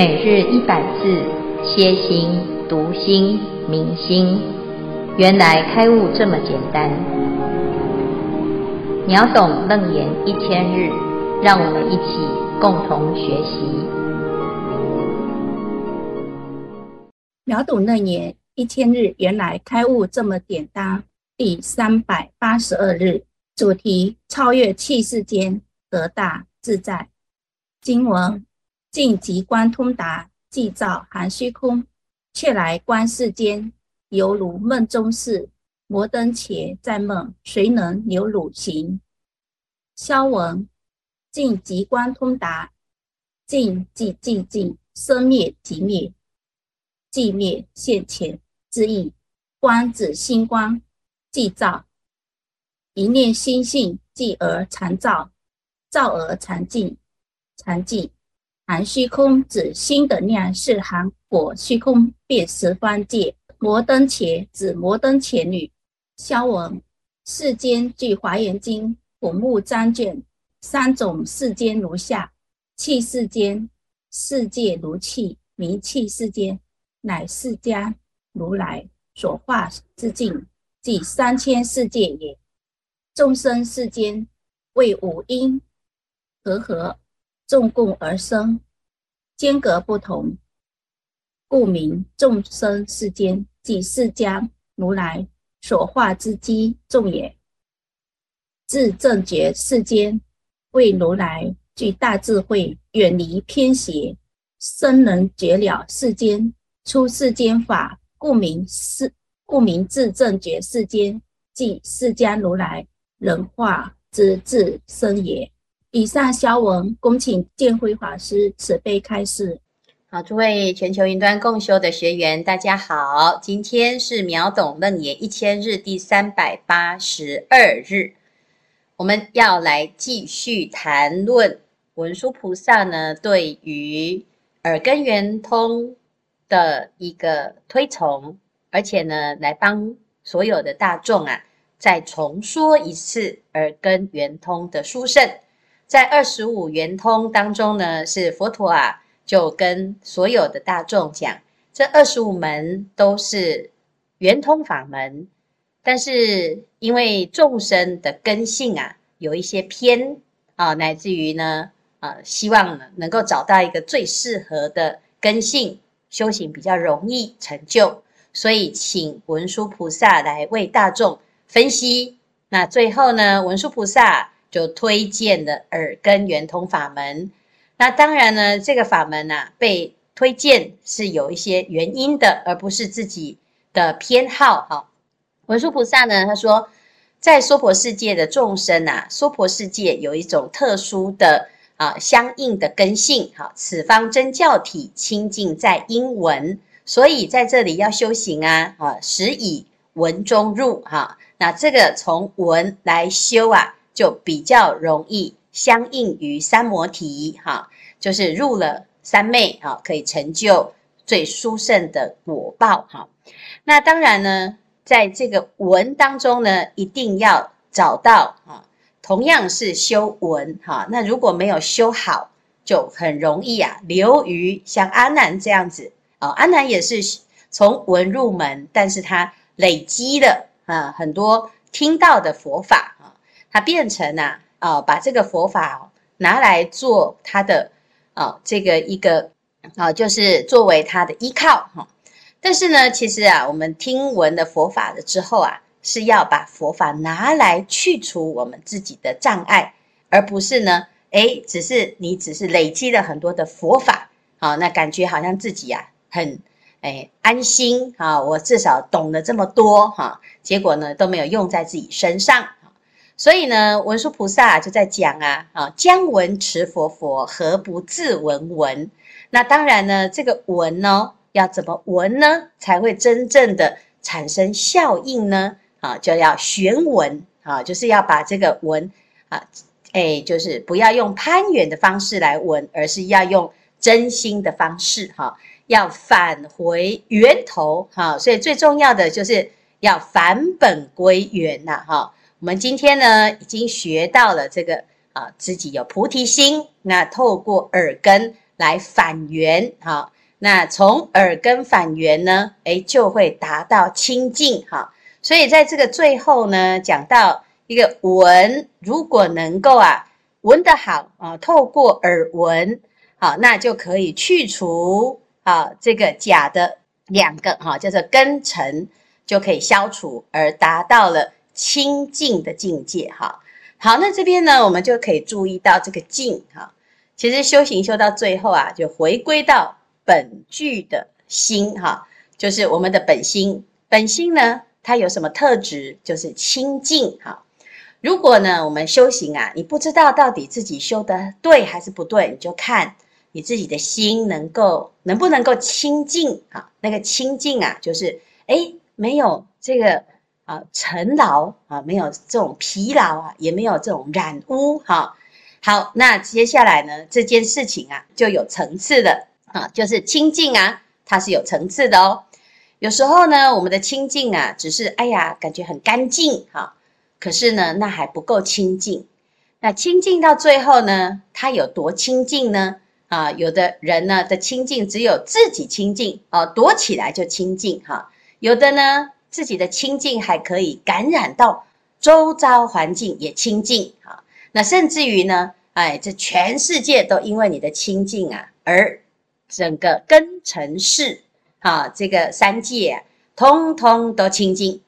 每日一百字，歇心、讀心、明心，原來開悟這麼簡單。秒懂楞嚴一千日，讓我們一起共同學習。秒懂楞嚴一千日，原來開悟這麼簡單。第三百八十二日，主題，超越氣世間器世間得大自在經文。淨極光通達，寂照含虛空。卻來觀世間，猶如夢中事。摩登伽在夢，誰能留汝形？消文，淨極光通達，淨即寂靜，生滅既滅，寂滅現前之意。光指心光，寂照。一念心性，寂而常照，照而常淨，常淨。含虛空指心的量是含裹虛空，遍十方界。摩登伽指摩登伽女。消文世間據據華嚴經孔目章卷三種世間如下器世間，世界如器名器世間，乃釋迦如來所化之境，即三千世界也。眾生世間為五陰和合。眾共而生，間隔不同，故名眾生世間，即釋迦如來所化之機眾也。智正覺世間，為如來具大智慧，遠離偏邪，深能覺了世間、出世間法，故名是，故名智正覺世間，即釋迦如來能化之智身也。以上消文，恭請見輝法師慈悲開示。好，諸位全球雲端共修的學員，大家好。今天是秒懂楞嚴一千日第三百八十二日，我們要來繼續談論文殊菩薩呢，對於耳根圓通的一個推崇，而且呢，來幫所有的大眾啊，再重說一次耳根圓通的殊勝。在二十五圓通當中呢，是佛陀啊，就跟所有的大眾講，這二十五門都是圓通法門，但是因為眾生的根性啊有一些偏啊、呃，乃至於呢啊、呃、希望呢能夠找到一個最適合的根性，修行比較容易成就，所以請文殊菩薩來為大眾分析。那最後呢，文殊菩薩。就推薦了耳根圓通法門，那當然呢，這個法門吶、啊、被推薦是有一些原因的，而不是自己的偏好哈。文殊菩薩呢，他說在娑婆世界的眾生吶、啊，娑婆世界有一種特殊的啊相應的根性哈、啊，此方真教體清淨在音聞，所以在這裡要修行啊啊，實以聞中入哈、啊，那這個從聞來修啊。就比較容易相應於三摩提哈，就是入了三昧啊，可以成就最殊勝的果報哈。那當然呢，在這個文當中呢，一定要找到啊，同樣是修文哈。那如果沒有修好，就很容易啊，流於像阿難這樣子啊。阿難也是從文入門，但是他累積了啊，很多聽到的佛法啊。它變成啊哦，把這個佛法拿來做他的哦，這個一個哦，就是作為他的依靠哈、哦。但是呢，其實啊，我們聽聞的佛法了之後啊，是要把佛法拿來去除我們自己的障礙，而不是呢，誒，只是你只是累積了很多的佛法，好、哦，那感覺好像自己呀、啊、很誒安心啊、哦，我至少懂了這麼多哈、哦，結果呢都沒有用在自己身上。所以呢，聞殊菩薩就在講啊，啊，將聞持佛佛，何不自聞聞？那當然呢，這個聞呢、哦，要怎麼聞呢，才會真正的產生效應呢？啊，就要旋聞啊，就是要把這個聞啊，哎，就是不要用攀緣的方式來聞，而是要用真心的方式哈、啊，要返回源頭哈、啊。所以最重要的就是要返本歸源吶、啊，哈、啊。我們今天呢，已經學到了這個啊，自己有菩提心，那透過耳根來返源哈，那從耳根返源呢，誒就會達到清淨，哈、啊。所以在這個最後呢，講到一個聞，如果能夠啊聞得好啊，透過耳聞，好、啊，那就可以去除啊這個假的兩個哈、啊，叫做根塵，就可以消除而達到了。清淨的境界，哈，好，那這邊呢，我們就可以注意到這個淨，哈，其實修行修到最後啊，就回歸到本具的心，哈，就是我們的本心。本心呢，它有什麼特質？就是清淨，哈。如果呢，我們修行啊，你不知道到底自己修得對還是不對，你就看你自己的心能夠能不能夠清淨，哈，那個清淨啊，就是，誒，欸，沒有這個。啊、呃，塵勞啊，沒有這種疲勞啊，也沒有這種染污哈、哦。好，那接下來呢，這件事情啊，就有層次的啊，就是清淨啊，它是有層次的哦。有時候呢，我們的清淨啊，只是哎呀，感覺很乾淨哈、啊，可是呢，那還不夠清淨。那清淨到最後呢，它有多清淨呢？啊，有的人呢的清淨只有自己清淨啊，躲起來就清淨哈。有的呢。自己的清淨還可以感染到周遭環境也清淨。那甚至於呢，哎，這全世界都因為你的清淨啊，而整個根塵世啊，這個三界、啊、通通都清淨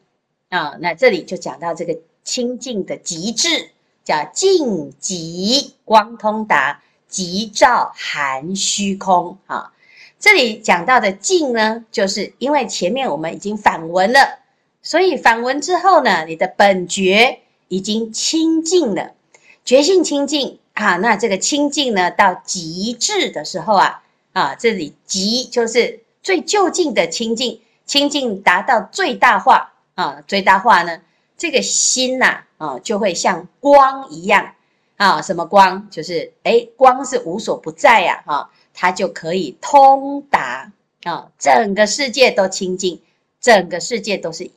啊。那這裡就講到這個清淨的極致，叫淨極光通達，寂照含虛空、啊這裡講到的淨呢，就是因為前面我們已經反聞了，所以反聞之後呢，你的本覺已經清淨了，覺性清淨啊。那這個清淨呢，到極致的時候啊，啊，這裡極就是最究竟的清淨，清淨達到最大化啊，最大化呢，這個心吶啊，啊，就會像光一樣。啊，什麼光？就是哎、欸，光是無所不在呀、啊！哈、啊，它就可以通達啊，整個世界都清淨，整個世界都是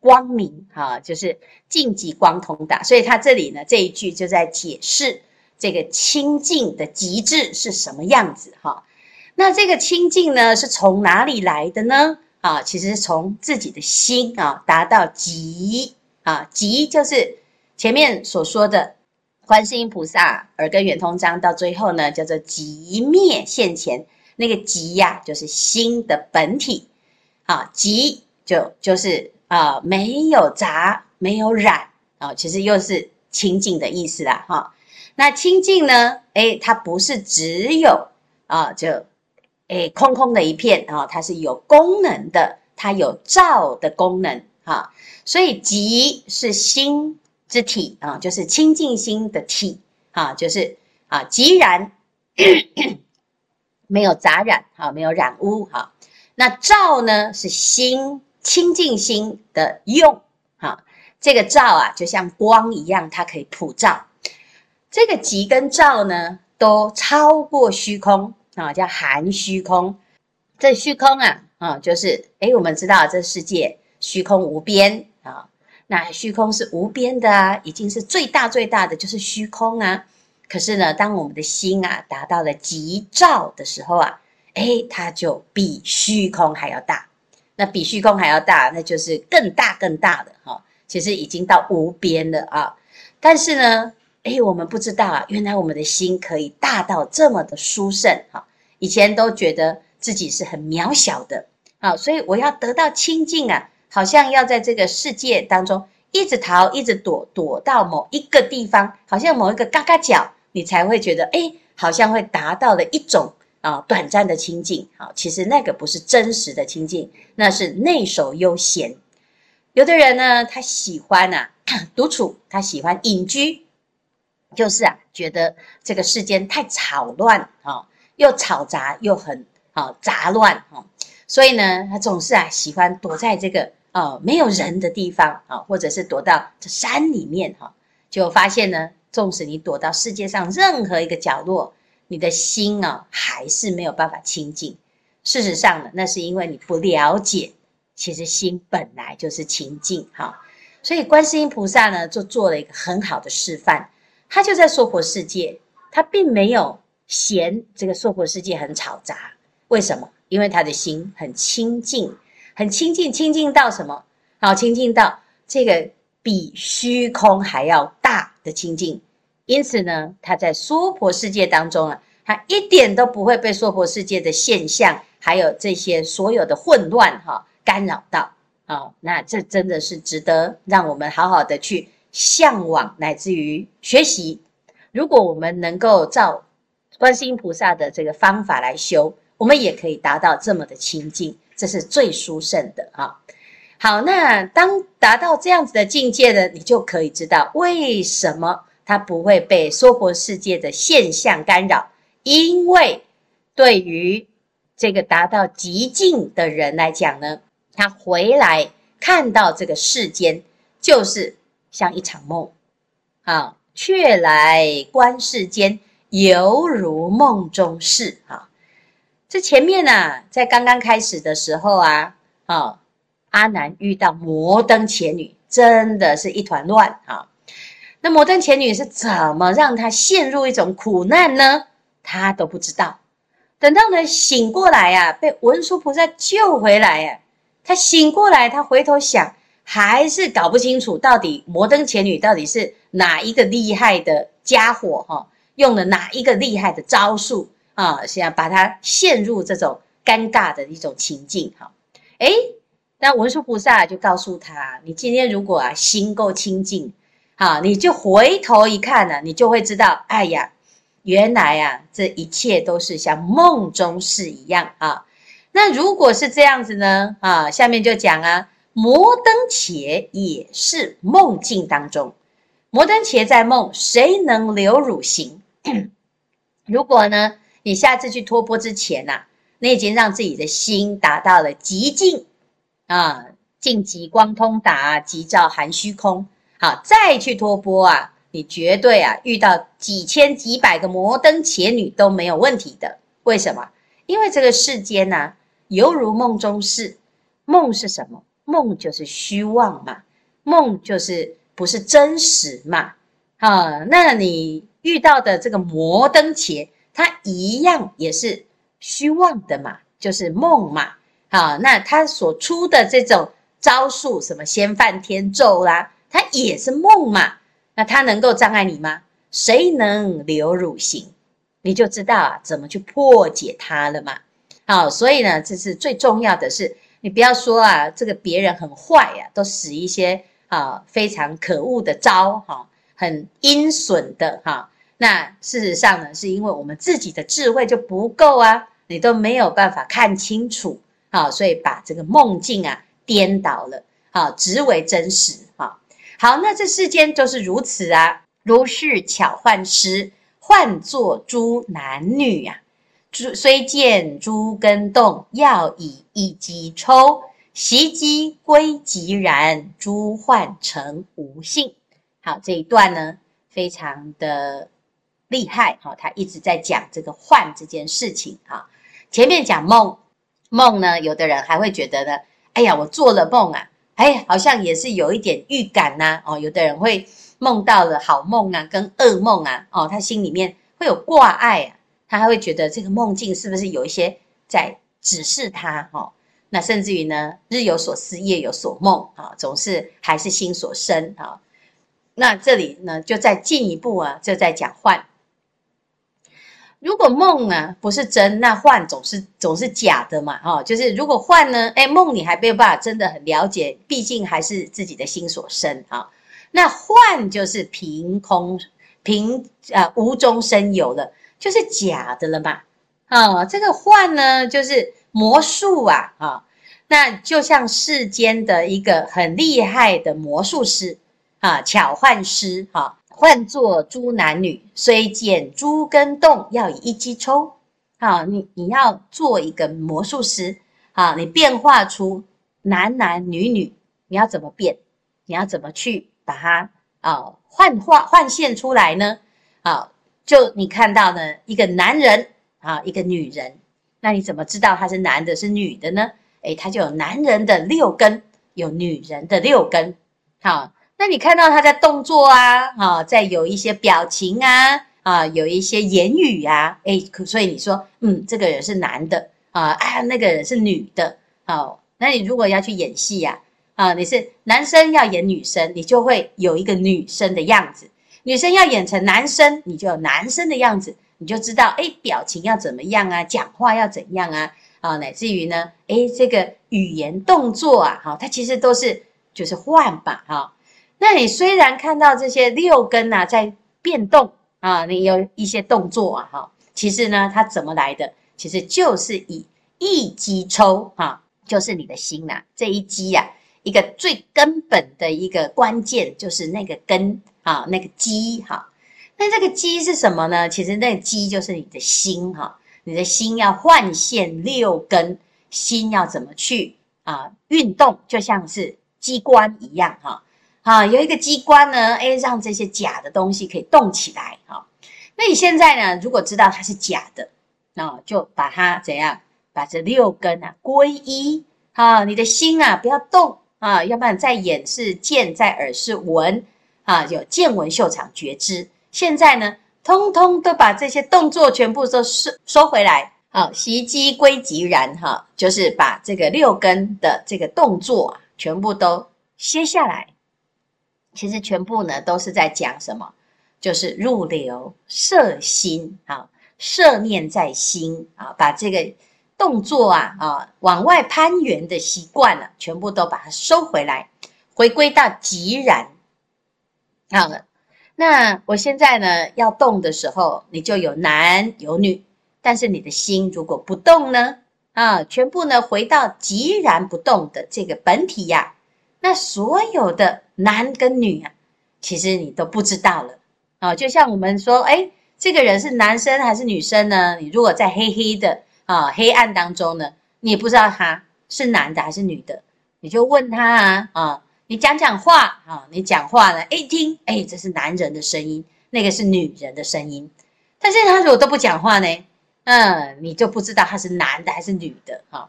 光明哈、啊，就是淨極光通達。所以它這裡呢，這一句就在解釋這個清淨的極致是什麼樣子哈、啊。那這個清淨呢，是從哪裡來的呢？啊，其實是從自己的心啊，達到極啊，極就是前面所說的。觀世音菩薩耳根圓通章到最後呢，叫做寂滅現前。那個寂呀、啊，就是心的本體啊。寂就就是啊，沒有雜，沒有染啊。其實又是清淨的意思啦。哈、啊，那清淨呢？哎，它不是只有啊，就哎空空的一片啊，它是有功能的，它有照的功能哈、啊。所以寂是心。之體啊，就是清淨心的體啊，就是啊，寂然 沒有雜染啊，沒有染污哈、啊。那照呢，是心清淨心的用哈、啊。這個照啊，就像光一樣，它可以普照。這個寂跟照呢，都超過虛空啊，叫含虛空。這虛空啊，啊就是誒我們知道這世界虛空無邊啊。那虛空是無邊的啊，已經是最大最大的就是虛空啊。可是呢，當我們的心啊達到了極照的時候啊，誒它就比虛空還要大。那比虛空還要大，那就是更大更大的哈。其實已經到無邊了啊。但是呢，誒我們不知道啊，原來我們的心可以大到這麼的殊勝哈。以前都覺得自己是很渺小的啊，所以我要得到清淨啊。好像要在這個世界當中一直逃，一直躲，躲到某一個地方，好像某一個嘎嘎角，你才會覺得，哎，好像會達到的一種啊短暫的清淨。啊，其實那個不是真實的清淨，那是內守幽閒。有的人呢，他喜歡吶、啊、獨處，他喜歡隱居，就是啊覺得這個世間太吵亂，啊，又嘈雜又很啊雜亂，啊。所以呢，他總是啊喜歡躲在這個。啊、哦，沒有人的地方啊，或者是躲到這山裡面哈，就發現呢，縱使你躲到世界上任何一個角落，你的心啊、哦，還是沒有辦法清淨。事實上呢，那是因為你不了解，其實心本來就是清淨哈。所以觀世音菩薩呢，就做了一個很好的示範，他就在娑婆世界，他並沒有嫌這個娑婆世界很吵雜，為什麼？因為他的心很清淨很清淨，清淨到什麼？好，清淨到這個比虛空還要大的清淨。因此呢，他在娑婆世界當中啊，他一點都不會被娑婆世界的現象，還有這些所有的混亂哈、啊，干擾到。好，那這真的是值得讓我們好好的去向往，乃至於學習。如果我們能夠照觀世音菩薩的這個方法來修，我們也可以達到這麼的清淨。這是最殊勝的啊！好，那當達到這樣子的境界呢，你就可以知道為什麼他不會被娑婆世界的現象干擾。因為對於這個達到極境的人來講呢，他回來看到這個世間，就是像一場夢啊，却來觀世間，猶如夢中事啊。這前面呢、啊，在剛剛開始的時候啊，啊，阿難，遇到摩登伽女，真的是一團亂啊。那摩登伽女是怎麼讓他陷入一種苦難呢？他都不知道。等到呢醒過來呀、啊，被文殊菩薩救回來啊，他醒過來，他回頭想，還是搞不清楚到底摩登伽女到底是哪一個厲害的家伙哈，用了哪一個厲害的招數。啊，想把他陷入這種尷尬的一種情境哈，哎、啊，那文殊菩薩就告訴他，你今天如果啊心夠清淨，啊，你就回頭一看呢、啊，你就會知道，哎呀，原來啊這一切都是像夢中事一樣啊。那如果是這樣子呢，啊，下面就講啊，摩登伽也是夢境當中，摩登伽在夢，誰能留汝形？ 如果呢？你下次去托缽之前吶、啊，你已經讓自己的心達到了極靜啊，淨極光通達，寂照含虛空。好，再去托缽啊，你絕對啊遇到幾千幾百個摩登伽女都沒有問題的。為什麼？因為這個世間啊，猶如夢中事。夢是什麼？夢就是虛妄嘛，夢就是不是真實嘛。啊，那你遇到的這個摩登伽。他一樣也是虛妄的嘛，就是夢嘛。好，那他所出的這種招數，什麼先梵天咒啦、啊，他也是夢嘛。那他能夠障礙你嗎？誰能留汝形，你就知道啊，怎麼去破解他了嘛。好，所以呢，這是最重要的是，你不要說啊，這個別人很壞啊，都使一些啊非常可惡的招，哈，很陰損的，哈。那事實上呢，是因為我們自己的智慧就不夠啊，你都沒有辦法看清楚啊、哦，所以把這個夢境啊顛倒了啊、哦，執為真實啊、哦，好，那這世間就是如此啊，如世巧幻師，幻作諸男女啊，雖見諸根動，要以一機抽，息機歸寂然，諸幻成無性。好，這一段呢，非常的。厲害、哦，他一直在講這個幻這件事情、哦、前面講夢，夢呢，有的人還會覺得呢，哎呀，我做了夢啊，哎，好像也是有一點預感吶、啊。哦，有的人會夢到了好夢啊，跟噩夢啊，哦，他心裡面會有掛礙啊，他還會覺得這個夢境是不是有一些在指示他？哦、那甚至於呢，日有所思，夜有所夢啊、哦，總是還是心所生啊、哦。那這裡呢，就再進一步啊，就再講幻。如果夢呢、啊、不是真，那幻總是總是假的嘛，哈、哦，就是如果幻呢，哎、欸，夢你還沒有辦法真的很了解，畢竟還是自己的心所生啊、哦，那幻就是憑空憑呃無中生有了，就是假的了嘛，啊、哦，這個幻呢就是魔術啊啊、哦，那就像世間的一個很厲害的魔術師啊，巧幻師哈。哦幻作諸男女，雖見諸根動，要以一機抽。啊、你你要做一個魔術師、啊，你變化出男男女女，你要怎麼變？你要怎麼去把它啊，幻化幻現出來呢、啊？就你看到呢，一個男人啊，一個女人，那你怎麼知道他是男的，是女的呢？哎、欸，他就有男人的六根，有女人的六根，好、啊。那你看到他在動作啊，啊、哦，在有一些表情啊，啊，有一些言語啊，哎、欸，所以你說，嗯，這個人是男的啊，啊，那個人是女的啊、哦。那你如果要去演戲呀、啊，啊，你是男生要演女生，你就會有一個女生的樣子；女生要演成男生，你就有男生的樣子，你就知道，誒、欸，表情要怎麼樣啊，講話要怎樣啊，啊、哦，乃至於呢，誒、欸，這個語言動作啊，啊、哦，它其實都是就是換吧，哈、哦。那你雖然看到這些六根吶、啊、在變動啊，你有一些動作啊哈，其實呢，它怎麼來的？其實就是以一機抽啊，就是你的心吶、啊，這一機呀、啊，一個最根本的一個關鍵就是那個根啊，那個機哈、啊。那這個機是什麼呢？其實那個機就是你的心哈、啊，你的心要幻現六根，心要怎麼去啊運動？就像是機關一樣哈。啊好、啊，有一個機關呢，哎，讓這些假的東西可以動起來。哈、啊，那你現在呢？如果知道它是假的，那、啊、就把它怎樣？把這六根啊歸一。哈、啊，你的心啊不要動啊，要不然在眼是見，在耳是聞啊，有見聞嗅嘗覺知。現在呢，通通都把這些動作全部都收收回來。啊，息機歸寂然哈、啊，就是把這個六根的這個動作、啊、全部都歇下來。其實全部呢都是在講什麼？就是入流攝心啊，攝念在心啊，把這個動作啊啊往外攀援的習慣呢、啊，全部都把它收回來，回歸到寂然。好了，那我現在呢要動的時候，你就有男有女，但是你的心如果不動呢啊，全部呢回到寂然不動的這個本體呀、啊，那所有的。男跟女啊，其實你都不知道了、啊、就像我們說，哎，這個人是男生還是女生呢？你如果在黑黑的啊黑暗當中呢，你也不知道他是男的還是女的，你就問他啊啊，你講講話啊，你講話呢，一聽，哎，這是男人的聲音，那個是女人的聲音。但是他如果都不講話呢，嗯，你就不知道他是男的還是女的、啊、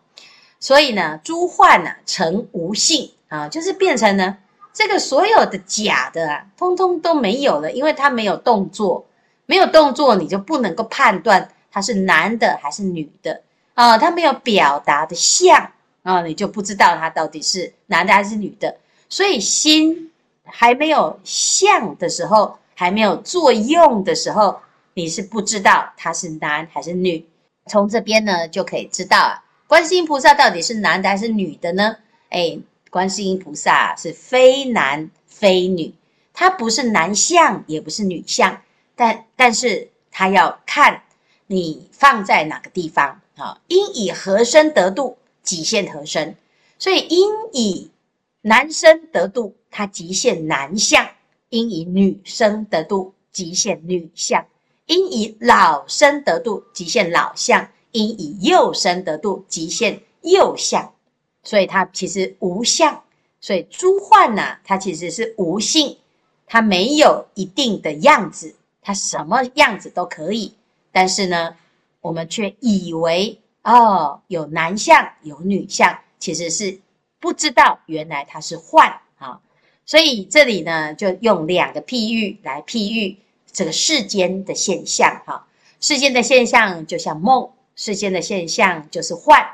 所以呢，諸幻呢、啊、成無性啊，就是變成呢。這個所有的假的，啊，通通都沒有了，因為他沒有動作，沒有動作，你就不能夠判斷他是男的還是女的啊、哦，他沒有表達的相啊、哦，你就不知道他到底是男的還是女的。所以心還沒有相的時候，還沒有作用的時候，你是不知道他是男還是女。從這邊呢，就可以知道啊，觀世音菩薩到底是男的還是女的呢？哎。觀世音菩薩是非男非女，他不是男相，也不是女相，但但是他要看你放在哪個地方啊？應以何身得度，即現何身。所以應以男身得度，他即現男相；應以女身得度，即現女相；應以老身得度，即現老相；應以幼身得度，即現幼相。所以它其實無相，所以諸幻吶，它其實是無性，它沒有一定的樣子，它什麼樣子都可以。但是呢，我們卻以為哦有男相有女相，其實是不知道原來它是幻啊。所以這裡呢，就用兩個譬喻來譬喻這個世間的現象哈。世間的現象就像夢，世間的現象就是幻。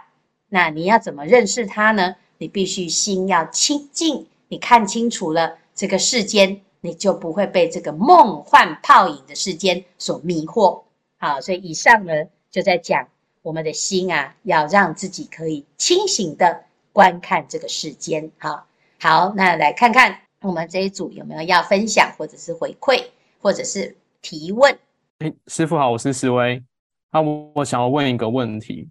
那你要怎麼認識他呢？你必須心要清靜，你看清楚了這個世間，你就不會被這個夢幻泡影的世間所迷惑。好，所以以上呢，就在講我們的心啊，要讓自己可以清醒的觀看這個世間。好，好，那來看看我們這一組有沒有要分享，或者是回饋，或者是提問。哎，師父好，我是思威，那、啊、我、我想要問一個問題。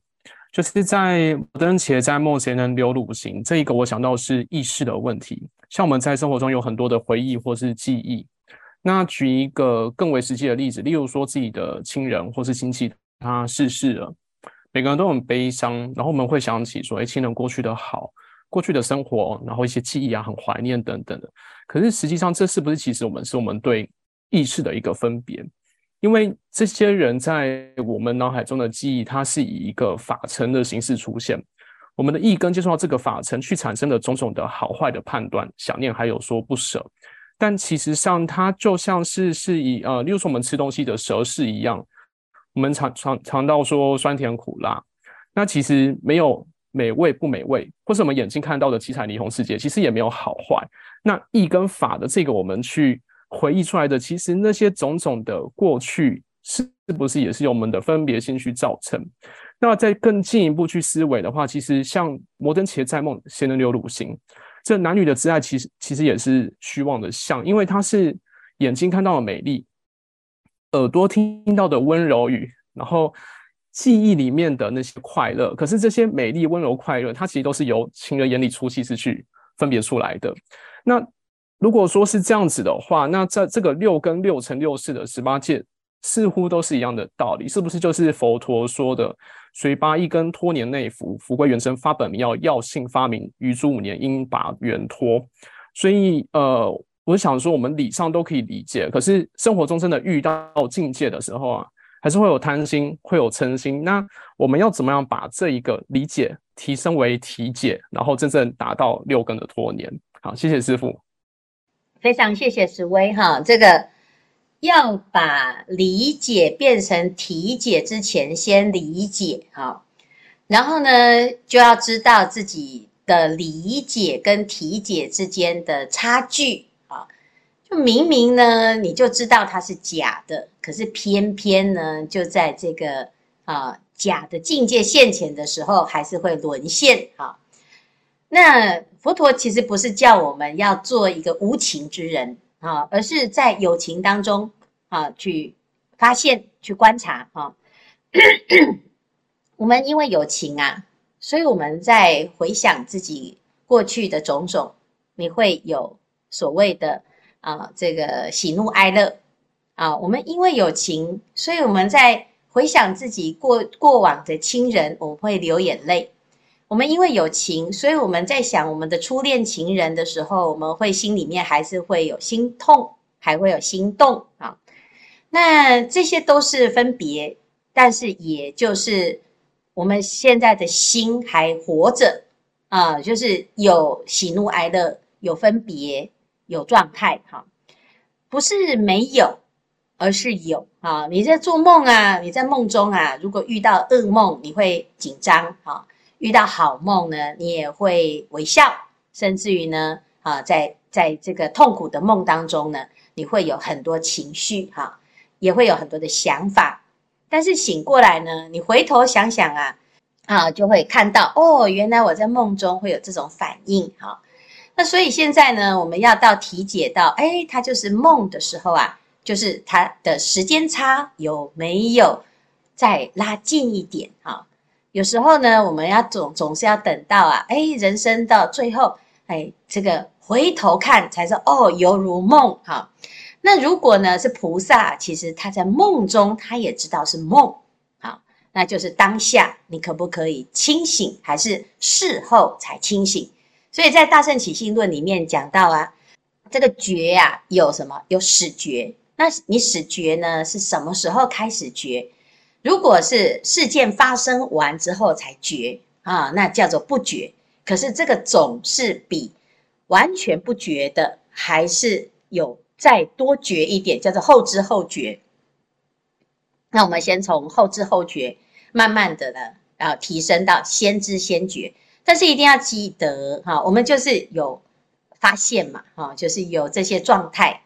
就是在登且在某些人流露不行這一個，我想到是意識的問題。像我們在生活中有很多的回憶或是記憶。那舉一個更為實際的例子，例如說自己的親人或是親戚他逝世了，每個人都很悲傷，然後我們會想起說，誒，哎，親人過去的好，過去的生活，然後一些記憶啊，很懷念等等的。可是實際上，這是不是其實我們是我們對意識的一個分別？因為這些人在我們腦海中的記憶，它是以一個法塵的形式出現。我們的意根接觸到這個法塵，去產生的種種的好壞的判斷、想念，還有說不捨。但其實上，它就像是是以呃，例如說我們吃東西的舌識一樣，我們嘗，嘗，嘗到說酸甜苦辣。那其實沒有美味不美味，或是我們眼睛看到的七彩霓虹世界，其實也沒有好壞。那意根法的這個，我們去。回憶出來的，其實那些種種的過去，是不是也是由我們的分別心去造成？那再更進一步去思維的話，其實像摩登伽在夢的，仙人柳如心，這男女的之愛，其實其實也是虛妄的相。因為它是眼睛看到的美麗，耳朵聽到的溫柔語，然後記憶裡面的那些快樂。可是這些美麗、溫柔、快樂，它其實都是由情人眼裡出西施去分別出來的。那如果說是這樣子的話，那在這個六根六塵六識的十八界，似乎都是一樣的道理，是不是就是佛陀說的隨拔一根，脫黏內伏，伏歸元真，發本明耀，耀性發明，諸餘五黏，應拔圓脫。所以呃，我想說我們理上都可以理解，可是生活中真的遇到境界的時候啊，還是會有貪心，會有嗔心。那我們要怎麼樣把這一個理解提升為體解，然後真正達到六根的脫黏？好，謝謝師傅。非常謝謝史威哈，這個要把理解變成體解之前，先理解哈、啊，然後呢，就要知道自己的理解跟體解之間的差距啊，就明明呢你就知道它是假的，可是偏偏呢就在這個啊假的境界現前的時候，還是會淪陷哈、啊。那佛陀其實不是叫我們要做一個無情之人啊，而是在有情當中啊去發現、去觀察啊。我們因為有情啊，所以我們在回想自己過去的種種，你會有所謂的啊這個喜怒哀樂啊。我們因為有情，所以我們在回想自己過過往的親人，我們會流眼淚。我們因為有情，所以我們在想我們的初戀情人的時候，我們會心裡面還是會有心痛，還會有心動啊。那這些都是分別，但是也就是我們現在的心還活着啊，就是有喜怒哀樂，有分別，有狀態哈，啊，不是沒有，而是有啊。你在做夢啊，你在夢中啊，如果遇到噩夢，你會緊張哈。啊遇到好夢呢，你也會微笑，甚至於呢，啊，在在這個痛苦的夢當中呢，你會有很多情緒，哈、啊，也會有很多的想法，但是醒過來呢，你回頭想想啊，啊，就會看到哦，原來我在夢中會有這種反應，哈、啊，那所以現在呢，我們要到體解到，哎、欸，它就是夢的時候啊，就是它的時間差有沒有再拉近一點，哈、啊。有時候呢，我們要總總是要等到啊，哎，人生到最後，哎，這個回頭看才說哦，猶如夢哈。那如果呢是菩薩，其實他在夢中他也知道是夢，啊，那就是當下你可不可以清醒，還是事後才清醒？所以在《大乘起信論》裡面講到啊，這個覺呀、啊、有什麼？有始覺，那你始覺呢是什麼時候開始覺？如果是事件發生完之後才覺啊，那叫做不覺。可是這個總是比完全不覺的還是有再多覺一點，叫做後知後覺。那我們先從後知後覺慢慢的呢，啊，提升到先知先覺。但是一定要記得哈，我們就是有發現嘛，哈，就是有這些狀態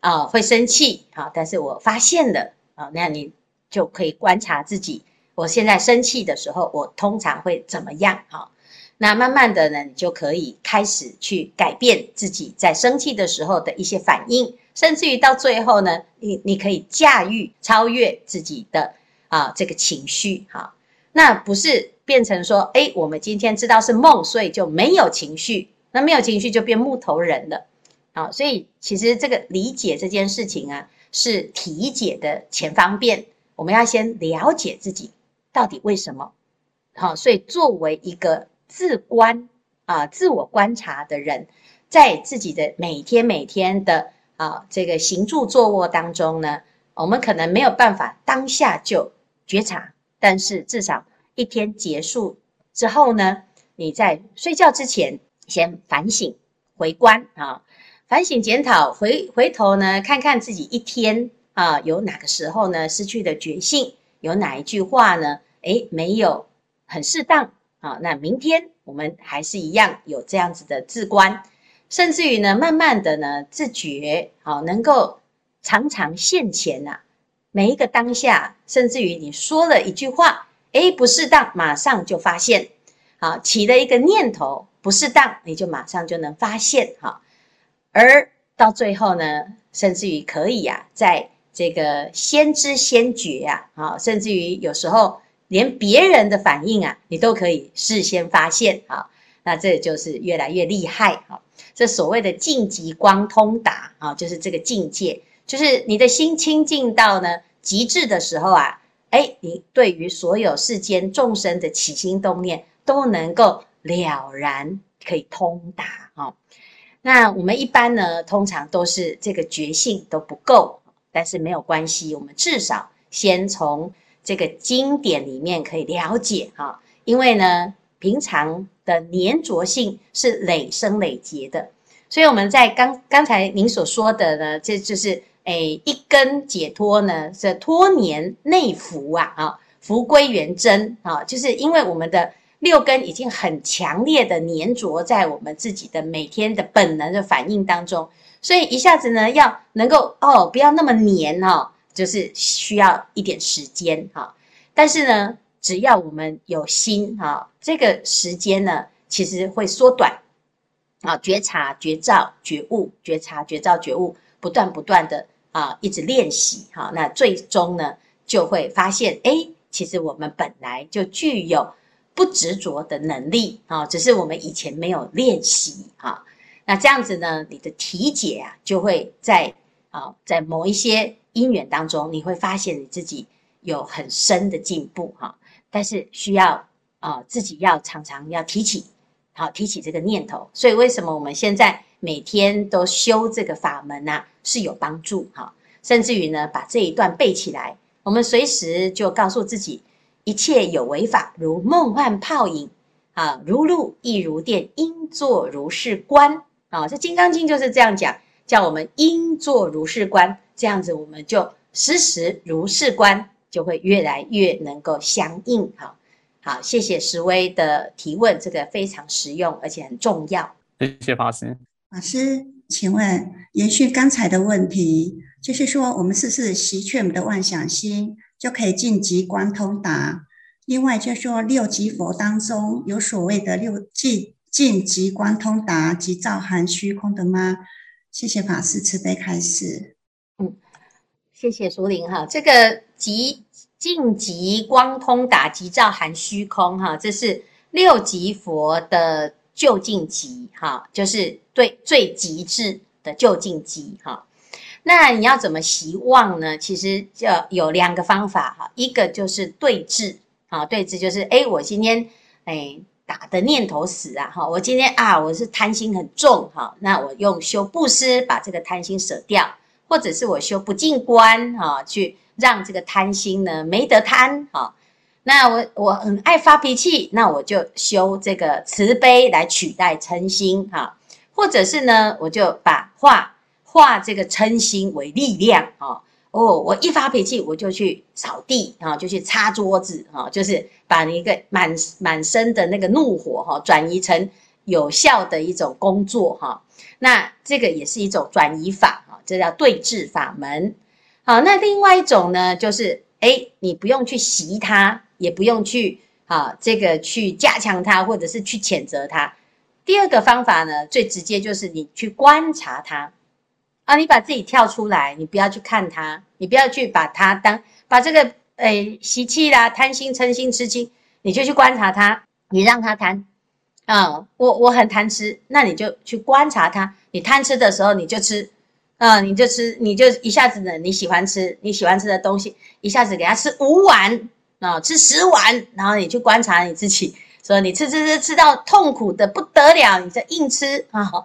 啊，會生氣啊，但是我發現了啊，那你。就可以觀察自己，我現在生氣的時候，我通常會怎麼樣？哈，那慢慢的呢，你就可以開始去改變自己在生氣的時候的一些反應，甚至於到最後呢，你你可以駕馭、超越自己的啊這個情緒，哈，那不是變成說，誒，我們今天知道是夢，所以就沒有情緒，那沒有情緒就變木頭人了，好，所以其實這個理解這件事情啊，是體解的前方便。我們要先了解自己到底為什麼好、啊，所以作為一個自觀啊、自我觀察的人，在自己的每天每天的啊這個行住坐臥當中呢，我們可能沒有辦法當下就覺察，但是至少一天結束之後呢，你在睡覺之前先反省，回觀啊，反省檢討，回回頭呢，看看自己一天。啊，有哪個時候呢，失去的決心，有哪一句話呢？哎，沒有，很適當。啊，那明天我們還是一樣有這樣子的自觀，甚至於呢，慢慢的呢，自覺，啊，能夠常常現前吶、啊，每一個當下，甚至於你說了一句話，哎，不適當，馬上就發現，好、啊，起了一個念頭，不適當，你就馬上就能發現哈、啊。而到最後呢，甚至於可以啊，在。這個先知先覺呀，啊，甚至於有時候連別人的反應啊，你都可以事先發現啊，那這就是越來越厲害啊。這所謂的淨極光通達啊，就是這個境界，就是你的心清淨到呢極致的時候啊，哎，你對於所有世間眾生的起心動念都能夠了然，可以通達啊。那我們一般呢，通常都是這個覺性都不夠。但是沒有關係，我們至少先從這個經典裡面可以了解哈，因為呢，平常的粘着性是累生累劫的，所以我們在剛剛才您所說的呢，這就是誒一根解脫呢，是脫黏內伏啊，啊，伏歸元真啊，就是因為我們的六根已經很強烈的粘着在我們自己的每天的本能的反應當中。所以一下子呢，要能夠哦，不要那麼黏哦，就是需要一點時間哈、哦。但是呢，只要我們有心哈、哦，這個時間呢，其實會縮短啊、哦。覺察、覺照、覺悟、覺察、覺照、覺悟，不斷不斷的啊、哦，一直練習哈、哦。那最終呢，就會發現，誒，其實我們本來就具有不執着的能力啊、哦，只是我們以前沒有練習啊。哦。那這樣子呢，你的體解啊，就會在啊，在某一些因緣當中，你會發現你自己有很深的進步哈、啊。但是需要啊，自己要常常要提起，好、啊、提起這個念頭。所以為什麼我們現在每天都修這個法門啊，是有幫助哈、啊。甚至於呢，把這一段背起來，我們隨時就告訴自己：一切有為法，如夢幻泡影啊，如露亦如電，應作如是觀。啊、哦，這《金剛經》就是這樣講，叫我們應作如是觀，這樣子我們就時時如是觀，就會越來越能夠相應。好、哦，好，謝謝石威的提問，這個非常實用而且很重要。謝謝法師。法師，請問延續剛才的問題，就是說我們試試息卻我們的妄想心，就可以淨極光通達？另外，就說六即佛當中有所謂的六即。淨極光通達，寂照含虛空的嗎？謝謝法師慈悲開示。嗯，謝謝淑玲哈。這個淨淨極光通達，寂照含虛空哈，這是六即佛的究竟即哈，就是對最極致的究竟即哈。那你要怎麼希望呢？其實就有兩個方法哈，一個就是對治啊，對治就是哎，我今天哎。誒打得念頭死啊！哈，我今天啊，我是貪心很重哈，那我用修布施把這個貪心舍掉，或者是我修不淨觀啊，去讓這個貪心呢沒得貪啊。那我我很愛發脾氣，那我就修這個慈悲來取代嗔心哈，或者是呢，我就把化化這個嗔心為力量啊。哦，我一發脾氣，我就去掃地啊，就去擦桌子啊，就是把你一個滿滿身的那個怒火哈、啊，轉移成有效的一種工作哈、啊。那這個也是一種轉移法啊，這叫對治法門。好，那另外一種呢，就是，誒，你不用去襲它，也不用去啊，這個去加強它，或者是去譴責它。第二個方法呢，最直接就是你去觀察它。啊！你把自己跳出來，你不要去看它，你不要去把它當把這個誒習氣啦、貪心、嗔心、痴心，你就去觀察它。你讓它貪，啊、嗯，我我很貪吃，那你就去觀察它。你貪吃的時候你就吃，啊、嗯，你就吃，你就一下子呢你喜歡吃你喜歡吃的東西，一下子給他吃五碗啊、嗯，吃十碗，然後你去觀察你自己，說你吃吃吃吃到痛苦的不得了，你再硬吃啊。嗯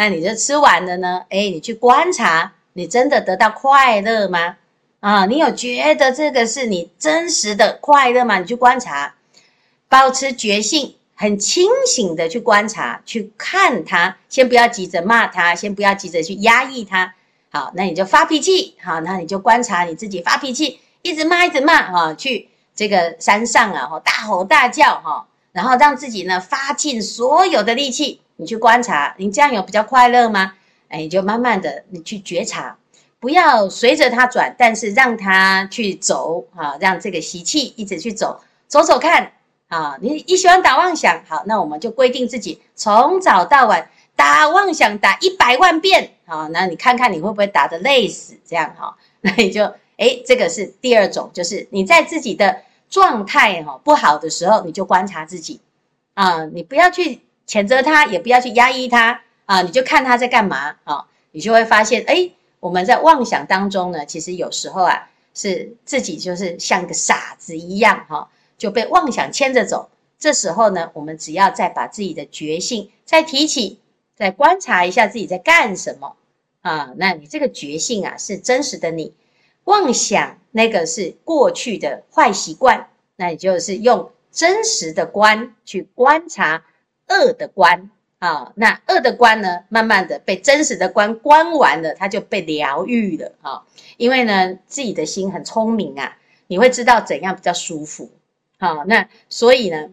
那你就吃完了呢，哎，你去觀察，你真的得到快樂嗎？啊，你有覺得這個是你真實的快樂嗎？你去觀察，保持覺性，很清醒的去觀察，去看它。先不要急着罵他，先不要急着去壓抑他。好，那你就發脾氣。好，那你就觀察你自己發脾氣，一直罵，一直罵。哈、哦，去這個山上啊，吼，大吼大叫，哈、哦。然後讓自己呢發盡所有的力氣，你去觀察，你這樣有比較快樂嗎？哎，你就慢慢的你去覺察，不要隨着它轉，但是讓它去走啊，讓這個習氣一直去走走走看啊，你你喜歡打妄想，好，那我們就規定自己從早到晚打妄想打一百萬遍，啊，那你看看你會不會打得累死這樣哈，啊，那你就哎，這個是第二種，就是你在自己的。狀態哈，不好的時候，你就觀察自己，啊、呃，你不要去譴責他，也不要去壓抑他啊、呃，你就看他在幹嘛啊、哦，你就會發現，哎、欸，我們在妄想當中呢，其實有時候啊，是自己就是像個傻子一樣哈、哦，就被妄想牽着走。這時候呢，我們只要再把自己的覺性再提起，再觀察一下自己在幹什麼啊，那你這個覺性啊，是真實的你。妄想那個是過去的壞習慣，那也就是用真實的觀去觀察惡的觀啊，那惡的觀呢，慢慢的被真實的觀觀完了，它就被療癒了啊。因為呢，自己的心很聰明啊，你會知道怎樣比較舒服啊。那所以呢，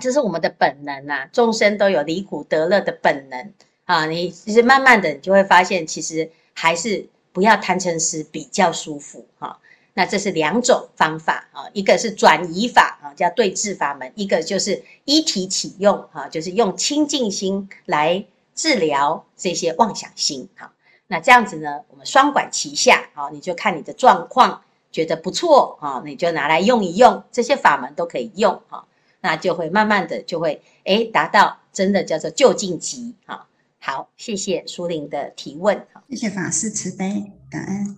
這是我們的本能啊，眾生都有離苦得樂的本能啊。你其實慢慢的，你就會發現，其實還是。不要貪嗔癡比較舒服哈，那這是兩種方法啊，一個是轉移法啊，叫對治法門，一個就是依體起用哈，就是用清淨心來治療這些妄想心哈。那這樣子呢，我們雙管齊下啊，你就看你的狀況覺得不錯啊，你就拿來用一用，這些法門都可以用哈，那就會慢慢的就會哎達、欸、到真的叫做究竟即哈。好，謝謝蘇玲的提問。謝謝法師慈悲，感恩。